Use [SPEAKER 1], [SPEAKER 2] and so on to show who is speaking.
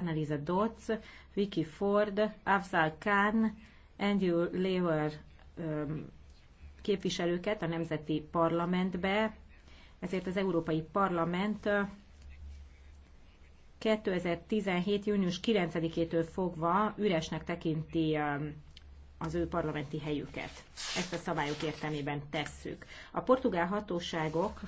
[SPEAKER 1] Annalisa Dotz, Vicky Ford, Afzal Khan, Andrew Lever képviselőket a Nemzeti Parlamentbe, ezért az Európai Parlament 2017. június 9-től fogva üresnek tekinti az ő parlamenti helyüket. Ezt a szabályok értelmében tesszük. A portugál hatóságok